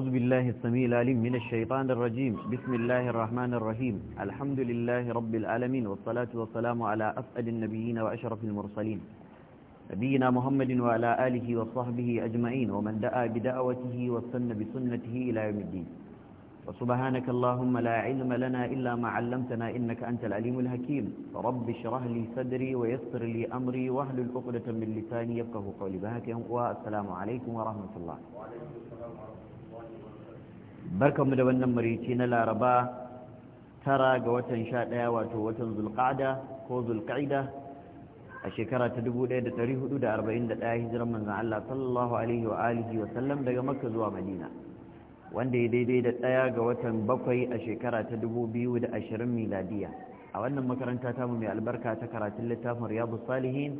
أعوذ بالله السميع العليم من الشيطان الرجيم بسم الله الرحمن الرحيم الحمد لله رب العالمين والصلاة والسلام على أسعد النبيين وأشرف المرسلين نبينا محمد وعلى آله وصحبه أجمعين ومن دعا بدعوته وسن بسنته إلى يوم الدين وسبحانك اللهم لا علم لنا إلا ما علمتنا إنك أنت العليم الحكيم رب اشرح لي صدري ويسر لي أمري واهل الأقدة من لساني يفقه قولي بهك والسلام عليكم ورحمة الله وعليكم barkanmu da wannan marici na laraba tara ga watan sha ɗaya wato watan zulƙada ko zulƙa'ida a shekara ta 1441 hijiran manzan Allah sallallahu alaihi wa alihi wa sallam daga makka zuwa madina wanda ya daidai da ɗaya ga watan bakwai a shekara ta 2020 miladiya a wannan makaranta mu mai albarka ta karatun littafin riyadu salihin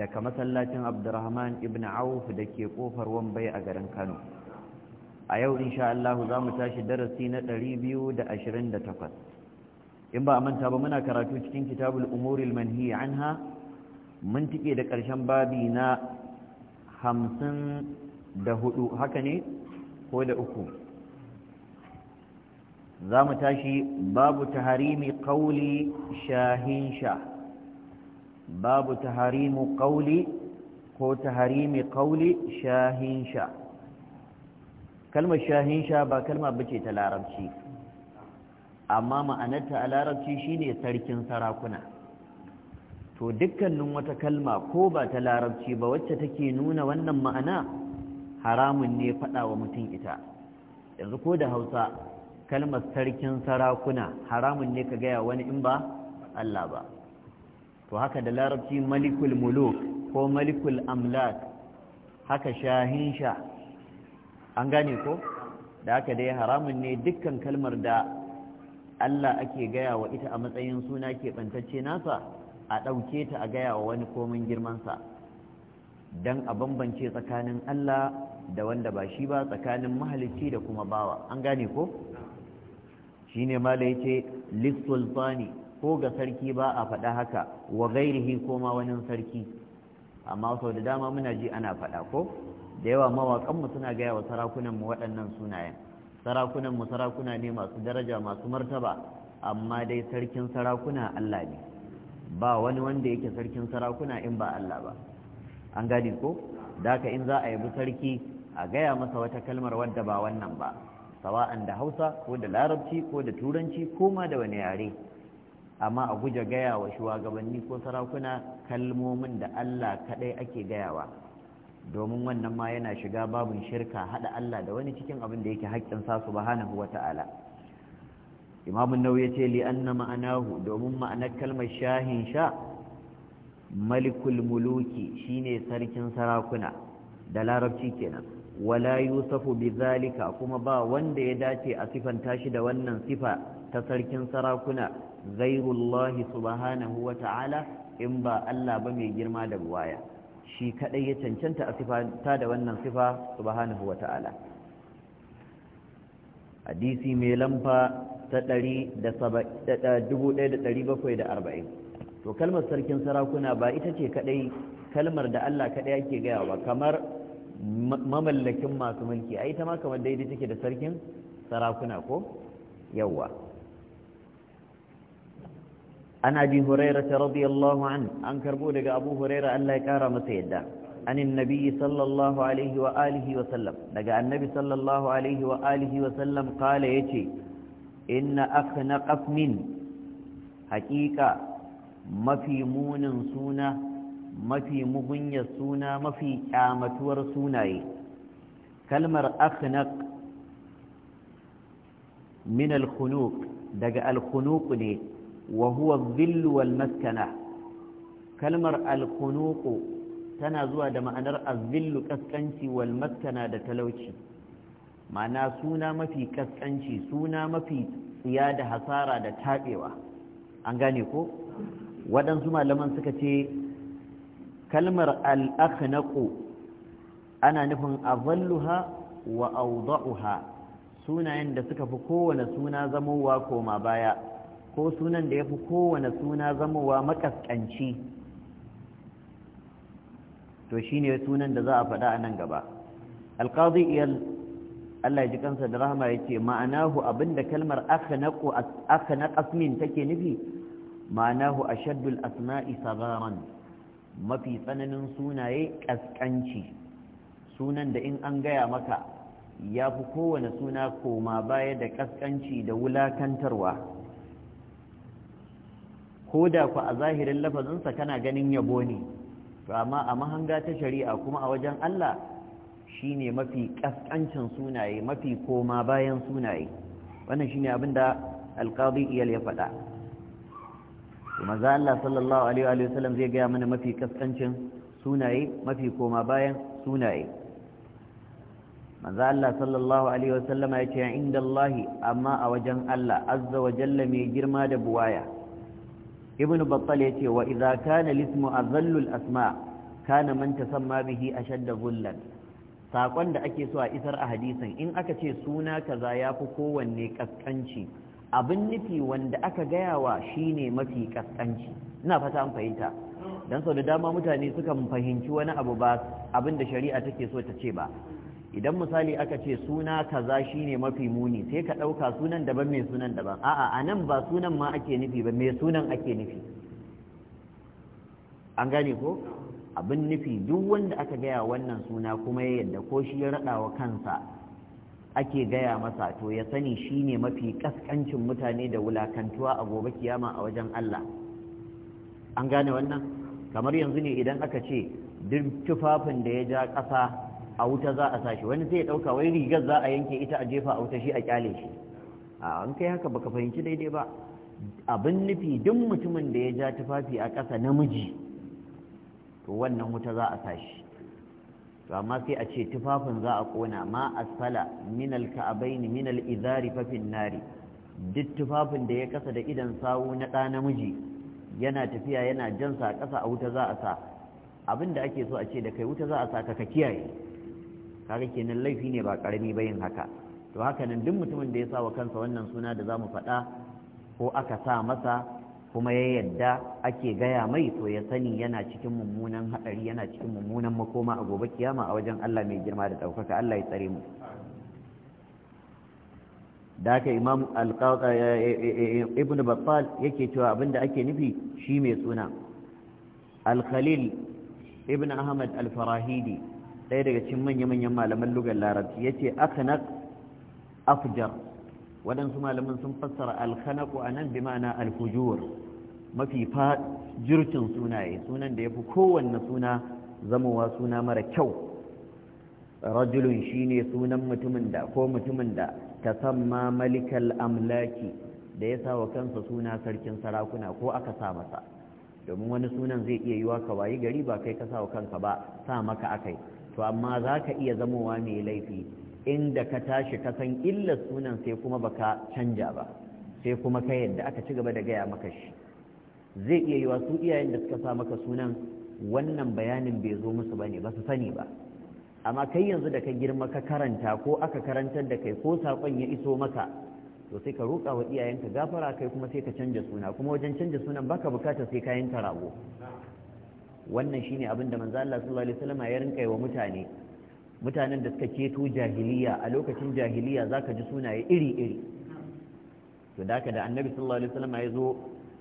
daga masallacin abdurrahman ibn auf da ke kofar wambai a garin kano a yau insha Allah za mu tashi darasi na ɗari biyu da da ashirin takwas in ba a manta ba muna karatu cikin kitabul umuril manhi anha mun tike da ƙarshen babi na hudu haka ne ko da uku za mu tashi babu harimi ƙauli shahin sha babu taharimu ƙauli ko harimi ƙauli shahin sha kalmar shahin sha ba kalma bace ta larabci amma ma'anarta a larabci shine sarkin sarakuna to dukkanin wata kalma ko ba ta larabci ba wacce take nuna wannan ma'ana haramun ne faɗa wa mutum ita yanzu ko da hausa kalmar sarkin sarakuna haramun ne ka gaya wani in ba Allah ba to haka da larabci malikul muluk ko malikul amlak haka shahin sha an gane ko da haka dai haramun ne dukkan kalmar da Allah ake gaya wa ita a matsayin suna ke keɓantacce nasa a ɗauke ta a gaya wa wani komin girmansa don a bambance tsakanin Allah da wanda ba shi ba tsakanin mahalicci da kuma bawa an gane ko shi ne mala ya ce lissulfani ko ga sarki ba a faɗa haka wa gairihi koma wani sarki amma sau da dama muna ji ana faɗa ko da yawa mawaƙanmu suna gaya wa sarakunanmu waɗannan sunayen sarakunanmu sarakuna ne masu daraja masu martaba amma dai sarkin sarakuna Allah ne ba wani wanda yake sarkin sarakuna in ba Allah ba an gadi ko daka in za a yabi sarki a gaya masa wata kalmar wadda ba wannan ba sawa'an da hausa ko da larabci ko da turanci ko ma da wani yare amma a guje gaya wa shugabanni ko sarakuna kalmomin da Allah kaɗai ake gayawa domin wannan ma yana shiga babin shirka hada Allah da wani cikin abin da yake haƙƙin sa subhanahu wata'ala imam an-nawawi yace li anna ma'anahu domin ma'anar kalmar shahin sha malikul muluki shine sarkin sarakuna da larabci kenan wala yusafu bizalika kuma ba wanda ya dace a sifanta shi da wannan sifa ta sarkin sarakuna ghairullahi subhanahu wata'ala in ba Allah ba mai girma da waya. shi kadai ya cancanta a ta da wannan sifa subhanahu wata'ala hadisi mai lamba ta arba'in. to kalmar sarkin sarakuna ba ita ce kadai kalmar da Allah kadai yake gaya ba kamar mamallakin masu mulki ai ta ma kamar daidai take da sarkin sarakuna ko yawwa an abi hurairah radiyallahu an an karbo daga abu hurairah Allah ya kara masa yadda عن النبي صلى الله عليه وآله وسلم لقى النبي صلى الله عليه وآله وسلم قال يتي إن أخنق من حقيقة ما في مون سونا ما في مغني سونا ما في كامة ورسونا كلمة أخنق من الخنوق لقى الخنوق ليه wa huwa dhillu wal maskana kalmar alkunuku tana zuwa da ma'anar azillu kaskanci wal maskana da talauci ma'ana suna mafi kaskanci suna mafi tsiya da hasara da taɓewa an gane ko waɗansu malaman suka ce kalmar al'akhnaku ana nufin azalluha wa awdahuha sunayen da suka fi kowane suna zamowa koma baya ko sunan da ya fi kowane suna zamowa makaskanci to shi ne sunan da za a faɗa a nan gaba alƙazi iyal Allah ji kansa da rahama ya ce ma'anahu abinda kalmar aka na ƙasmin take nufi ma'anahu a shaddul asma'i sabaran mafi tsananin sunaye ƙasƙanci sunan da in an gaya maka ya fi kowane suna koma baya da ƙasƙanci da wulakantarwa ko da ku a zahirin lafazinsa kana ganin yabo ne to amma a mahanga ta shari'a kuma a wajen Allah shine mafi kaskancin sunaye mafi koma bayan sunaye wannan shine abin da alqadi iyal ya faɗa kuma za Allah sallallahu alaihi wa sallam zai gaya mana mafi kaskancin sunaye mafi koma bayan sunaye manzo Allah sallallahu alaihi wa sallama yace inda Allah amma a wajen Allah azza wa jalla mai girma da buwaya ibn battal ya ce wa idza kana lismu azallul asma kana man tasamma bihi ashadda zullan sakon da ake so a isar a hadisin in aka ce suna kaza yafi kowanne kaskanci abin nufi wanda aka gaya wa shine mafi kaskanci ina fata an fahimta dan sau da dama mutane sukan fahimci wani abu ba abin da shari'a take so ta ce ba idan misali aka ce suna kaza shine mafi muni sai ka ɗauka sunan daban mai sunan daban a'a a nan ba sunan ma ake nufi ba mai sunan ake nufi an gane ko abin nufi duk wanda aka gaya wannan suna kuma ya yadda ko shi ya raɗawa kansa ake gaya masa to ya sani shine mafi kaskancin mutane da wulakantuwa a gobe kiyama a wajen Allah an gane wannan kamar yanzu ne idan aka ce duk tufafin da ya ja ƙasa a wuta za a sashi wani sai ya dauka wai rigar za a yanke ita a jefa a wuta shi a kyale shi a an kai haka baka fahimci daidai ba abin nufi duk mutumin da ya ja tufafi a ƙasa namiji to wannan wuta za a sashi to amma sai a ce tufafin za a kona ma asfala min alka'abaini min izari fa fin nari duk tufafin da ya kasa da idan sawu na ɗa namiji yana tafiya yana jansa a ƙasa a wuta za a sa abin da ake so a ce da kai wuta za a sa ka kiyaye kaga kenan laifi ne ba karami ba yin haka to haka nan duk mutumin da ya sa wa kansa wannan suna da za mu faɗa ko aka sa masa kuma ya yadda ake gaya mai to ya sani yana cikin mummunan haɗari yana cikin mummunan makoma a gobe kiyama a wajen Allah mai girma da ɗaukaka Allah ya tsare mu da haka imam eh, eh, eh, ibn battal yake cewa abinda ake nufi shi mai suna al-khalil ibn ahmad al-farahidi ɗaya daga cikin manya-manyan malaman lugar larabci ya ce akhanak afjar waɗansu malaman sun fassara alkanaku a nan bi ma'ana alfujur mafi jirkin sunaye sunan da ya fi kowanne suna zamowa suna mara kyau rajulun shi ne sunan mutumin da ko mutumin da tasamma malikal amlaki da ya sa wa kansa suna sarkin sarakuna ko aka sa masa domin wani sunan zai iya yiwa ka wayi gari ba kai ka sa wa kanka ba sa maka akai to amma za ka iya zamowa mai laifi inda ka tashi ka san illar sunan sai kuma baka canja ba sai kuma ka yadda aka ci gaba da gaya maka shi zai iya yiwa su iyayen da suka sa maka sunan wannan bayanin bai zo musu bane ba su sani ba amma kai yanzu da ka girma ka karanta ko aka karantar da kai ko sakon ya iso maka to sai ka roƙa wa iyayenka gafara kai kuma sai ka canja suna kuma wajen canja sunan baka bukata sai kayan rago wannan shine abin da manzo Allah sallallahu alaihi wasallam ya rinka wa mutane mutanen da suka keto jahiliya a lokacin jahiliya zaka ji sunaye iri iri to da haka da annabi sallallahu alaihi wasallam ya zo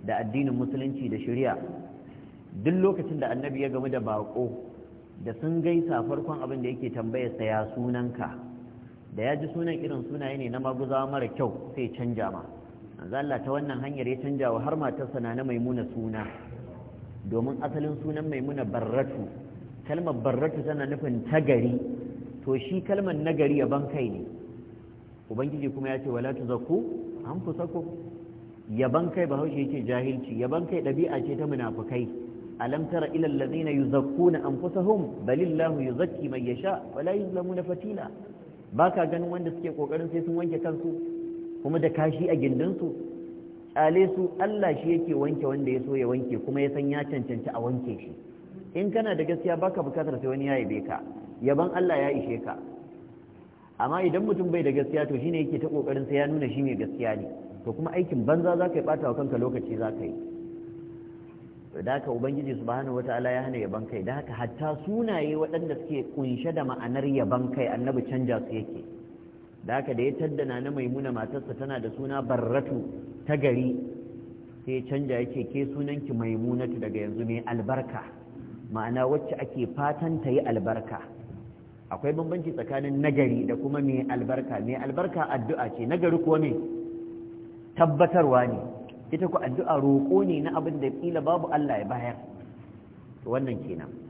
da addinin musulunci da shari'a duk lokacin da annabi ya gamu da bako da sun gaisa farkon abin da yake tambayarsa sa ya sunanka da ya ji sunan irin sunaye ne na maguza mara kyau sai canja ma manzo Allah ta wannan hanyar ya canja wa har matarsa na na maimuna suna domin asalin sunan maimuna barratu kalmar barratu tana nufin tagari to shi kalmar nagari yaban bankai ne ubangiji kuma ya ce wala tuzakku ku? yaban kai bahaushe yake jahilci yaban kai ɗabi'a ce ta munafukai alam tara ila allazina yuzakkuna anfusahum balillahu yuzakki man yasha wala yuzlamuna fatila baka ganin wanda suke kokarin sai sun wanke kansu kuma da kashi a gindinsu alesu Allah shi yake wanke wanda ya so ya wanke kuma ya san ya cancanci a wanke shi in kana da gaskiya baka bukatar sai wani ya yabe ka yaban Allah ya ishe ka amma idan mutum bai da gaskiya to shine yake ta kokarin sai ya nuna shi mai gaskiya ne to kuma aikin banza zaka yi bata wa kanka lokaci zaka yi da haka ubangiji subhanahu wataala ya hana yaban kai da haka hatta sunaye waɗanda suke kunshe da ma'anar yaban kai annabi canja su yake da haka da ya taddana na maimuna matarsa tana da suna barratu ta gari sai canja yake ke sunanki maimunatu daga yanzu mai albarka ma'ana wacce ake fatan ta yi albarka akwai bambanci tsakanin nagari da kuma mai albarka mai albarka addu'a ce nagari ko ne tabbatarwa ne ita ku addu'a roƙo ne na abin da kila babu Allah ya bayar wannan kenan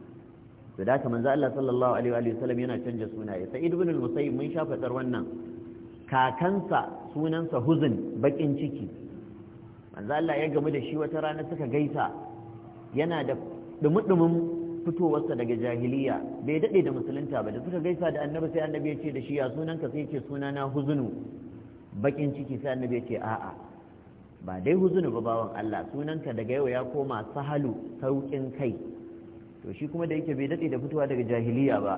to da manzo Allah sallallahu alaihi wa sallam yana canja sunaye sa'id ibn al-musayyib mun shafa tsar wannan kakansa sunansa huzn bakin ciki manzo Allah ya gamu da shi wata rana suka gaisa yana da dumudumin fitowarsa daga jahiliya bai dade da musulunta ba da suka gaisa da annabi sai annabi ya ce da shi ya sunanka sai ya suna sunana huzunu bakin ciki sai annabi ya ce a'a ba dai huzunu ba bawan Allah sunanka daga yau ya koma sahalu sauƙin kai to shi kuma da yake bai dade da fitowa daga jahiliya ba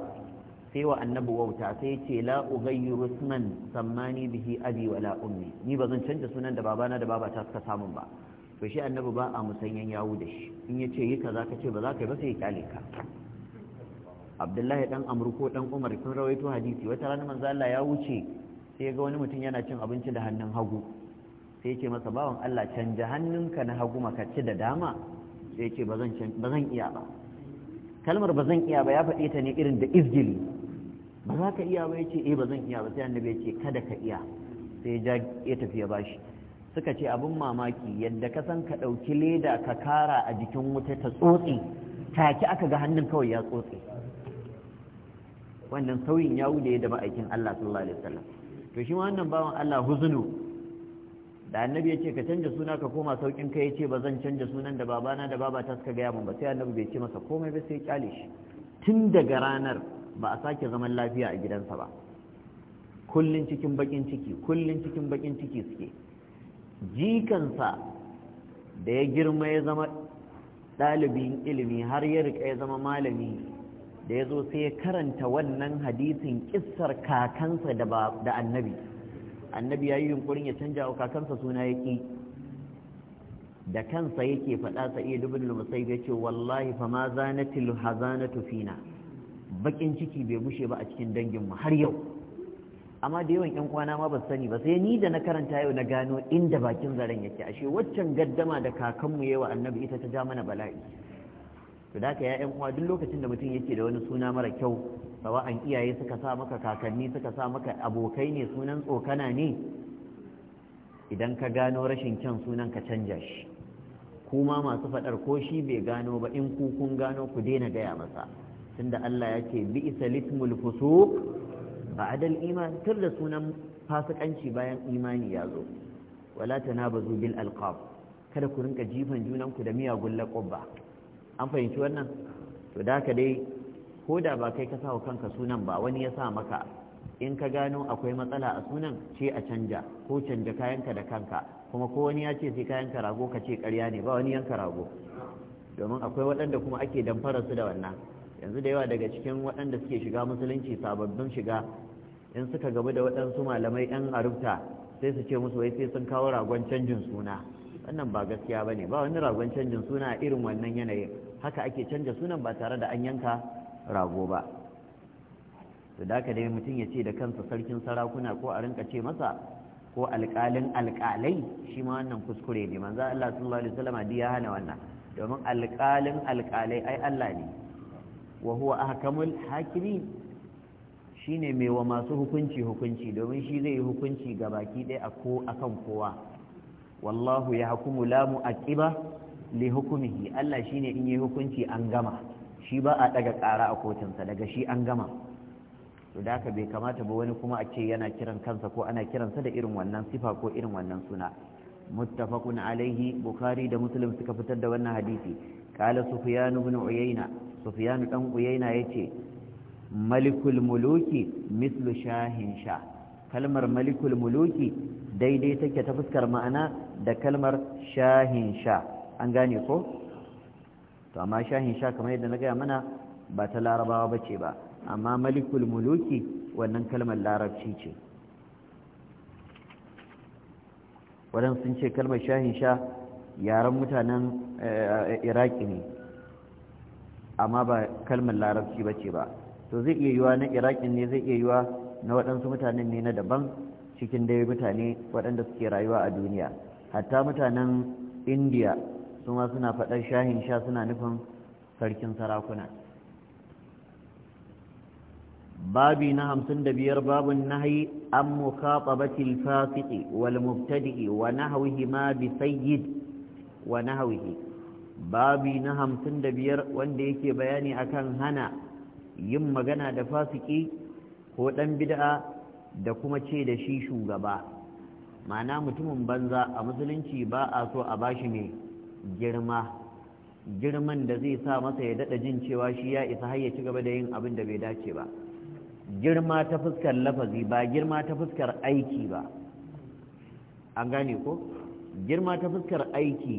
sai wa annabi wauta sai ya ce la ughayyiru sunan sammani bihi abi wala ummi ni ba zan canza sunan da babana da babata suka samun ba to shi annabi ba a musanyen yawo da shi in ya ce yi kaza ka ce ba za ka yi ba sai ya kyale ka abdullahi dan amru ko dan umar sun rawaito hadisi wata rana manzo Allah ya wuce sai ga wani mutum yana cin abinci da hannun hagu sai ya ce masa bawan Allah canja hannunka na hagu maka ci da dama sai ya ce ba zan iya ba kalmar ba zan iya ba ya faɗe ta ne irin da izgili ba za ka iya ba ya ce eh, ba zan iya ba sai annabi ya ce kada ka iya sai ya ya tafi ya bashi suka ce abin mamaki yadda ka san ka ɗauki leda ka kara a jikin wuta ta tsotse take aka ga hannun kawai ya tsotse wannan sauyin ya wuce da ma'aikin Allah sallallahu alaihi wasallam to shi wannan bawan Allah huzunu da annabi ya ce ka canja suna ka koma saukin kai ya ce ba zan canja sunan da babana da babata suka gaya mun ba sai annabi bai ce masa komai ba sai kyale shi tun daga ranar ba a sake zaman lafiya a gidansa ba kullun cikin bakin ciki kullun cikin bakin ciki suke jikansa da ya girma ya zama ɗalibin ilimi har ya rika ya zama malami da ya zo sai ya karanta wannan hadisin kissar kakansa da annabi annabi ya yi yunkurin ya canja wa kakansa suna yaki da kansa yake faɗa sa'id ibn al-musayyib yace wallahi fa ma zanatil hazanatu fina bakin ciki bai bushe ba a cikin dangin mu har yau amma da yawan 'yan kwana ma ba su sani ba sai ni da na karanta yau na gano inda bakin zaren yake ashe waccan gaddama da kakanmu yayi wa annabi ita ta ja mana bala'i to da ya ƴan uwa duk lokacin da mutum yake da wani suna mara kyau sawa'an iyaye suka sa maka kakanni suka sa maka abokai ne sunan tsokana ne idan ka gano rashin kyan sunan ka canja shi kuma masu faɗar ko shi bai gano ba in ku kun gano ku daina gaya masa tunda Allah ya ce bi isa litmul fusuq ba'dal iman tur da sunan fasikanci bayan imani ya zo wala tanabazu bil alqab kada ku rinka jifan junan ku da miyagun laqab an fahimci wannan to da ka dai ko da ba kai ka sawa kanka sunan ba wani ya sa maka in ka gano akwai matsala a sunan ce a canja ko canja kayanka da kanka kuma ko wani ya ce sai kayanka rago ka ce ƙarya ne ba wani yanka rago domin akwai waɗanda kuma ake damfara su da wannan yanzu da yawa daga cikin waɗanda suke shiga musulunci sababbin shiga in suka gabu da waɗansu malamai ɗan arubta sai su ce musu wai sai sun kawo ragon canjin suna wannan ba gaskiya ba ne ba wani ragon canjin suna irin wannan yanayin haka ake canja sunan ba tare da an yanka rago ba to da ka dai mutum ya ce da kansa sarkin sarakuna ko a rinka ce masa ko alƙalin alƙalai shi ma wannan kuskure ne manzo Allah sallallahu alaihi wasallam ya hana wannan domin alƙalin alƙalai ai Allah ne wa huwa ahkamul shi shine mai wa masu hukunci hukunci domin shi zai yi hukunci ga baki ɗaya a ko akan kowa wallahu ya hukumu la mu'aqiba li hukumihi Allah shine in yi hukunci an gama shi ba a ɗaga ƙara a kotunsa daga shi an gama to da haka bai kamata ba wani kuma a ce yana kiran kansa ko ana kiransa da irin wannan sifa ko irin wannan suna muttafaqun alaihi bukhari da muslim suka fitar da wannan hadisi qala sufyan ibn uyayna sufyan dan uyayna yace malikul muluki mislu shahin sha kalmar malikul muluki daidai take ta fuskar ma'ana da kalmar shahin sha an gane ko to amma shahin sha kamar yadda na gaya mana ba ta larabawa ba ce ba amma malikul muluki wannan kalmar larabci ce wadan sun ce kalmar shahin sha yaren mutanen eh, iraki ne amma ba kalmar larabci ba ce ba to zai iya yiwa na iraki ne zai iya yiwa na waɗansu mutanen ne na daban cikin dai mutane waɗanda suke rayuwa a duniya hatta mutanen indiya suma suna faɗar shahin sha suna nufin sarkin sarakuna babi na hamsin da biyar babin nahayi an mukhatabatil fasiqi wal mubtadi'i wa nahwihi ma bi sayyid wa babi na hamsin da biyar wanda yake bayani akan hana yin magana da fasiki ko ɗan bid'a da kuma ce da shi shugaba ma'ana mutumin banza a musulunci ba a so a bashi ne girma girman da zai sa masa ya dada jin cewa shi ya isa har ya ci gaba da yin abin da bai dace ba girma ta fuskar lafazi ba girma ta fuskar aiki ba an gane ko girma ta fuskar aiki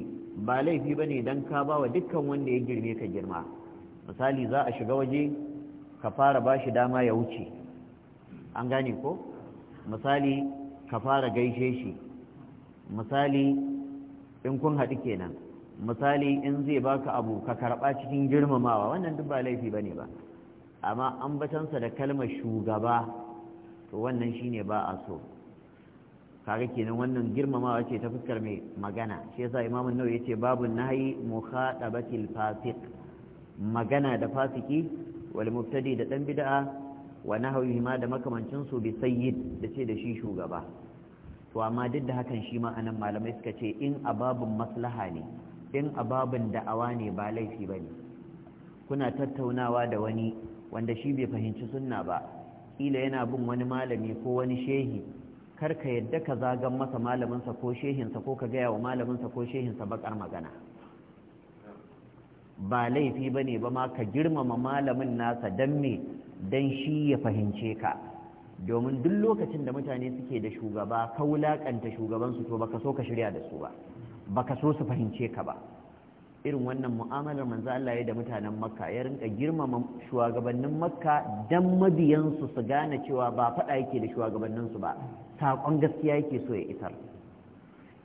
ba laifi ba ne don ka ba wa dukkan wanda ya girme ka girma misali za a shiga waje ka fara ba shi dama ya wuce an gane ko misali ka fara gaishe shi misali in kun haɗu kenan misali in zai baka abu ka karba cikin girmamawa wannan duk ba laifi bane ba amma ambatansa da kalmar shugaba to wannan shine ba a so kaga kenan wannan girmamawa ce ta fuskar mai magana shi yasa imamu nawawi yace babu nahyi mukhatabatil fasiq magana da fasiki wal mubtadi da dan bid'a wa nahwihi ma da makamancin su bi sayyid da ce da shi shugaba to amma duk da hakan shi ma anan malamai suka ce in ababun maslaha ne in ababin da'awa ne ba laifi ba ne kuna tattaunawa da wani wanda shi bai fahimci sunna ba Ila yana bin wani malami ko wani shehi kar ka yadda ka zagan masa malaminsa ko shehinsa ko ka gaya wa malaminsa ko shehinsa bakar magana ba laifi ba ne ba ma ka girmama malamin nasa don me don shi ya fahimce ka domin duk lokacin da mutane suke da shugaba ka wulaƙanta shugabansu to baka so ka shirya da su ba baka so su fahimce ka ba irin wannan mu'amalar manzo Allah ya da mutanen makka ya rinka girmama shugabannin makka dan mabiyansu su gane cewa ba faɗa yake da shugabanninsu ba saƙon gaskiya yake so ya isar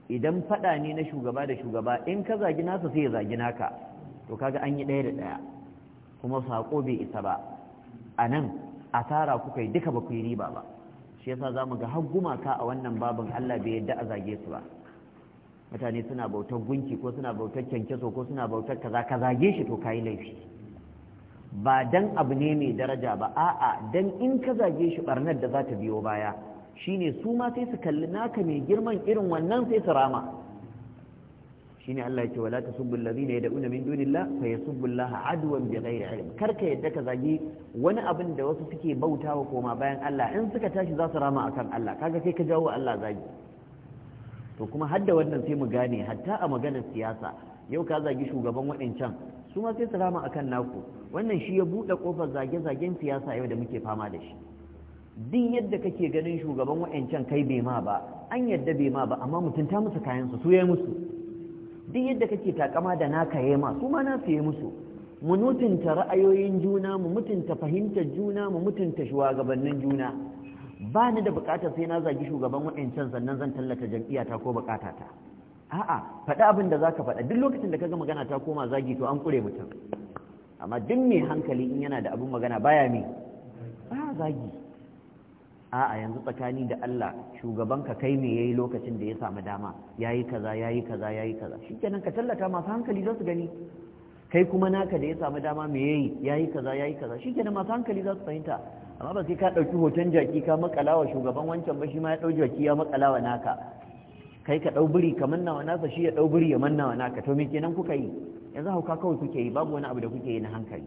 idan faɗa ne na shugaba da shugaba in ka zagi nasa sai ya zagi naka to kaga an yi ɗaya da ɗaya kuma sako bai isa ba a nan asara kuka yi duka ba ku yi riba ba shi yasa zamu ga har gumaka a wannan babin Allah bai yadda a zage su ba mutane suna bautar gunki ko suna bautar kyankyaso ko suna bautar kaza ka zage shi to kayi laifi ba dan abu ne mai daraja ba a'a dan in ka zage shi barnar da za ta biyo baya shine su ma sai su kalli naka mai girman irin wannan sai su rama shine Allah yake wala ta subbul ladina yad'una min dunillah fa yasubbu adwan bighairi ilm karka yadda ka zage wani abin da wasu suke bautawa koma bayan Allah in suka tashi za su rama akan Allah kaga kai ka jawo Allah zagi to kuma hadda da wannan sai mu gane hatta a maganar siyasa yau ka zagi shugaban waɗancan su ma sai su a kan naku wannan shi ya buɗe ƙofar zage-zagen siyasa yau da muke fama da shi duk yadda kake ganin shugaban waɗancan kai bai ma ba an yadda bai ma ba amma mutunta musu kayansu su ya musu duk yadda kake takama da naka ya ma su ma na su musu mu mutunta ra'ayoyin juna mu mutunta fahimtar juna mu mutunta shugabannin juna ba ni da bukatar sai na zagi shugaban wa'ancan sannan zan tallata jam'iyyata ko bukatata a'a faɗi abin da zaka faɗa duk lokacin da kaga magana ta koma zagi to an kure mutum amma duk mai hankali in yana da abin magana baya me ba zagi a'a yanzu tsakani da Allah shugabanka kai me yayi lokacin da ya samu dama yayi kaza yayi kaza yayi kaza shikenan ka tallata masu hankali za su gani kai kuma naka da ya samu dama me yayi yayi kaza yayi kaza shikenan masu hankali za su fahimta amma ba sai ka ɗauki hoton jaki ka makalawa shugaban wancan ba shi ma ya ɗau jaki ya makalawa naka kai ka ɗau biri ka manna wa nasa shi ya ɗau biri ya manna wa naka to me kenan kuka yi yanzu hauka kawai kuke yi babu wani abu da kuke yi na hankali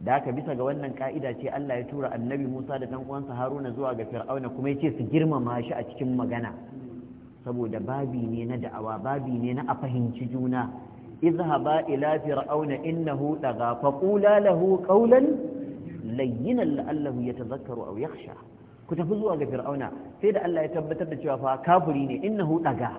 da haka bisa ga wannan ka'ida ce Allah ya tura annabi Musa da ɗan uwansa Haruna zuwa ga Fir'auna kuma ya ce su girmama shi a cikin magana saboda babi ne na da'awa babi ne na a fahimci juna izhaba ila fir'auna innahu daga faqula lahu qawlan layyinan la'allahu yatazakkaru aw yakhsha ku tafi zuwa ga fir'auna sai da Allah ya tabbatar da cewa fa kafuri ne innahu daga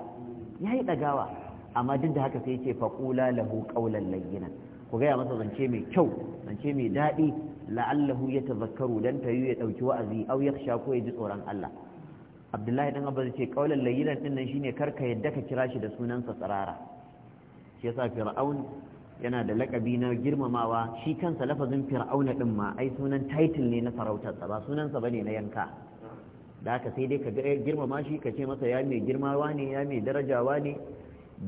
yayi dagawa amma duk da haka sai yace faqula lahu qawlan layyinan ku gaya masa zance mai kyau zance mai daɗi la'allahu yatazakkaru dan yi ya dauki wa'azi aw yakhsha ko ya ji tsoron Allah abdullahi dan abbas ce kaulan layyinan din nan shine karka yadda ka kira shi da sunansa tsarara shi yasa fir'aun yana da lakabi na girmamawa shi kansa lafazin fir'auna din ma ai sunan title ne na sarautar ba sunansa bane na yanka da haka sai dai ka ga eh, girmama shi ka ce masa ya mai girmawa ne ya mai darajawa ne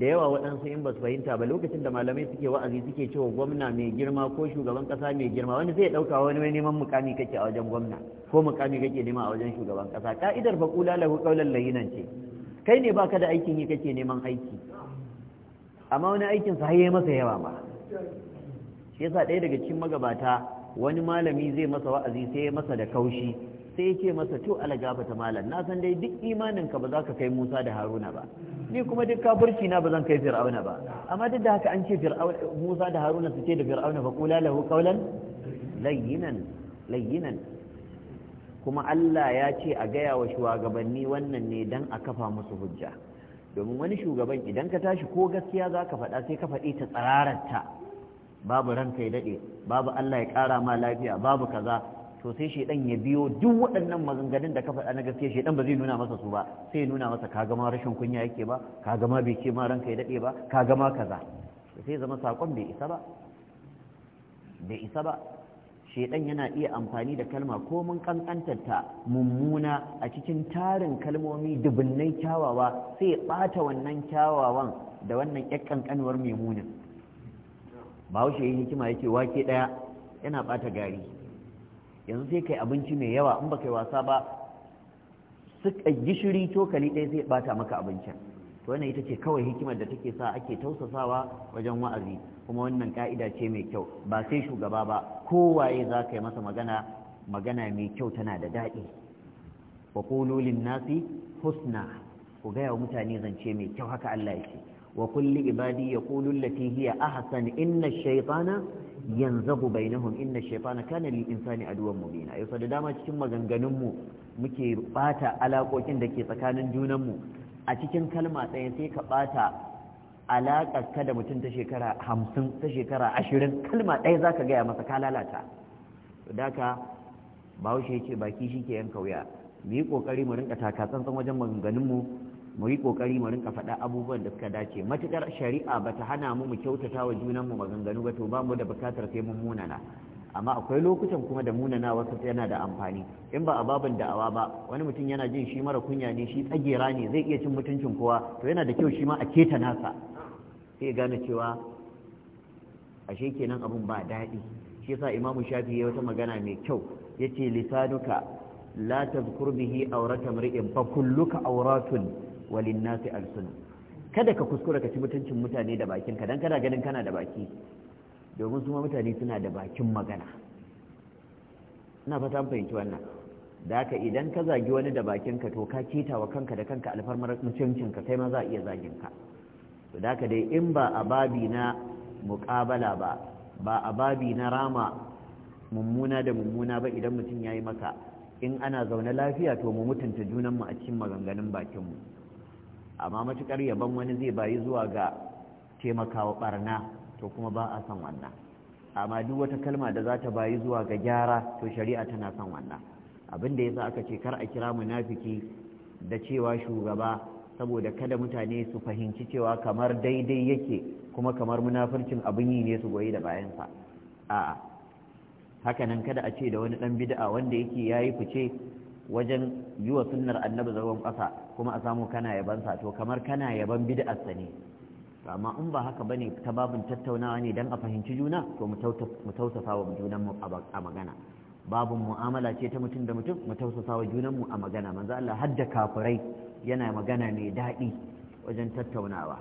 da yawa waɗansu in ba su fahimta ba lokacin da malamai suke wa'azi suke cewa gwamna mai girma ko shugaban ƙasa mai girma wani zai ɗauka wani mai neman mukami kake a wajen gwamna ko mukami kake nema a wajen shugaban kasa ka'idar faƙula lahu ƙaular layinan ce kai ne baka da aikin yi kake neman aiki amma wani aikin sa haye masa yawa ba shi yasa ɗaya daga cikin magabata wani malami zai masa wa'azi sai ya masa da kaushi sai ya ce masa to alagafata malam na san dai duk imanin ka ba za ka kai Musa da Haruna ba ni kuma duk kafirci na ba zan kai Fir'auna ba amma duk da haka an ce Musa da Haruna su ce da Fir'auna fa qula lahu qawlan layyinan layyinan kuma Allah ya ce a gaya wa shugabanni wannan ne dan a kafa musu hujja domin wani shugaban idan ka tashi ko gaskiya za ka faɗa sai ka faɗi ta tsararta babu ranka ya daɗe babu Allah ya ƙara ma lafiya babu kaza to sai dan ya biyo duk waɗannan maganganun da ka faɗa na gaskiya shedan ba zai nuna masa su ba sai nuna masa ka gama rashin kunya yake ba ka gama bai ce ma ranka ya daɗe ba ka gama kaza sai zama sakon bai isa ba bai isa ba shedan yana iya amfani da kalma ko mun kankantarta mummuna a cikin tarin kalmomi dubunnai kyawawa sai ya bata wannan kyawawan da wannan ƴar kankanuwar memunin wuce yin hikima yake wake daya yana bata gari yanzu sai kai abinci mai yawa in baka yi wasa ba suka gishiri cokali ɗaya zai bata maka abincin to wannan ita ce kawai hikimar da take sa ake tausasawa wajen wa'azi kuma wannan ka'ida ce mai kyau ba sai shugaba ba kowaye za ka yi masa magana magana mai kyau tana da daɗi wa kulolin nasi husna ku gaya wa mutane zance mai kyau haka Allah ya ce wa kulli ibadi ya kulun lati hiya ahsan inna shaytana yanzabu bainahum inna shaytana kana lil insani aduwwan mubina yau da dama cikin maganganun mu muke bata alakokin da ke tsakanin junan mu a cikin kalma ɗaya sai ka bata alaƙar ka da mutum ta shekara hamsin ta shekara ashirin kalma ɗaya za ka gaya masa ka lalata da ka bahaushe ce baki shi ke yanka wuya mu yi ƙoƙari mu rinka takatsantsan wajen maganganunmu mu yi ƙoƙari mu rinka faɗa abubuwan da suka dace matuƙar shari'a ba ta hana mu mu kyautata wa junanmu maganganu ba to ba mu da buƙatar sai mun munana amma akwai lokutan kuma da munana wasu yana da amfani in ba a babin da'awa ba wani mutum yana jin shi mara kunya ne shi tsagera ne zai iya cin mutuncin kowa to yana da kyau shi ma a keta nasa sai gane cewa ashe kenan abun ba daɗi shi yasa imamu shafi ya wata magana mai kyau yace lisanuka la tazkur bihi awrata mar'in fa kulluka awratun walin nasi alsun kada ka kuskura ka ci mutuncin mutane da bakinka dan kana ganin kana da baki domin su mutane suna da bakin magana ina fata fahimci wannan da haka idan ka zagi wani da bakinka to ka keta wa kanka da kanka alfarmar ka kai ma za a iya zagin ka. da ka dai in ba a babi na muƙabala ba ba a babi na rama mummuna da mummuna ba idan mutum ya yi maka in ana zaune lafiya to mu mutunta junanmu a cikin maganganun bakinmu amma matuƙar yaban wani zai bayi zuwa ga taimakawa barna to kuma ba a son wannan amma duk wata kalma da za ta bayi zuwa ga gyara to shari'a tana son wannan abin da yasa aka ce kar a kira munafiki da cewa shugaba saboda kada mutane su fahimci cewa kamar daidai yake kuma kamar munafircin abin yi ne su goyi da bayansa a'a hakanan kada a ce da wani dan bid'a wanda yake yayi fice wajen yi wa sunnar annabi zagon kasa kuma a samu kana sa to kamar kana yaban bid'a sane amma in ba haka bane ta babin tattaunawa ne dan a fahimci juna to mu tausasa wa mu a magana babin mu'amala ce ta mutum da mutum mu tausasa wa junanmu a magana manzo Allah hadda kafirai yana magana mai daɗi wajen tattaunawa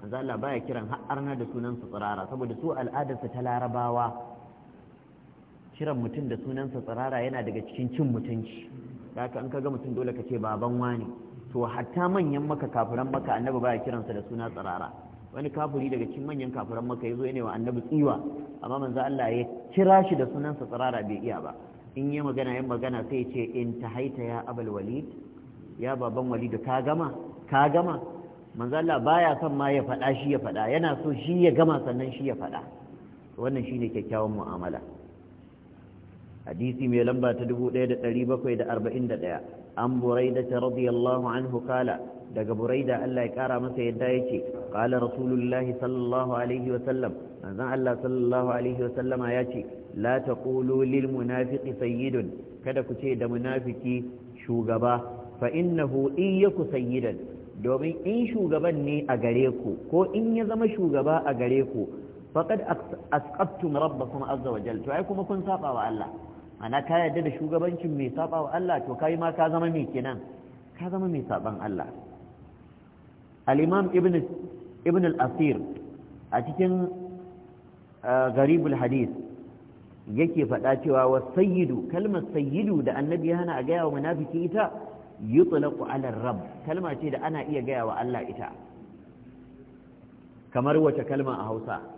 manzo Allah baya kiran na da sunan su tsirara saboda su al'adarsa ta larabawa kiran mutum da sunan sa tsirara yana daga cikin cin mutunci Da haka an kaga mutum dole ka ce baban wani to hatta manyan maka kafiran maka annabi baya kiran sa da suna tsirara wani kafuri daga cikin manyan kafiran maka yazo yana wa annabi tsiwa amma manzo Allah ya kira shi da sunan sa tsirara bai iya ba in yi magana yin magana sai ce in ta haita ya abal walid ya baban walidu ka gama ka gama manzala baya son ma ya faɗa shi ya faɗa yana so shi ya gama sannan shi ya faɗa wannan shine kyakkyawan mu'amala hadisi mai lamba ta 1741 an da ta radiyallahu anhu kala daga buraida Allah ya kara masa yadda yace kala rasulullahi sallallahu alaihi wa sallam Allah sallallahu alaihi wa sallama yace la taqulu lil munafiqi sayyidun kada ku ce da munafiki shugaba fa innahu in yaku sayyidan domin in shugaban ne a gare ku ko in ya zama shugaba a gare ku faqad asqaftum rabbakum azza wa jalla to ai kuma kun saba wa Allah ana ka yadda da shugabancin mai saba wa Allah to kai ma ka zama mai kenan ka zama mai saban Allah al-imam ibn ibn al-asir a cikin garibul hadith yake faɗa cewa wa sayyidu kalmar sayyidu da annabi ya hana a gaya wa munafiki ita yutlaqu ala rabb kalma ce da ana iya gaya wa Allah ita kamar wace kalma a Hausa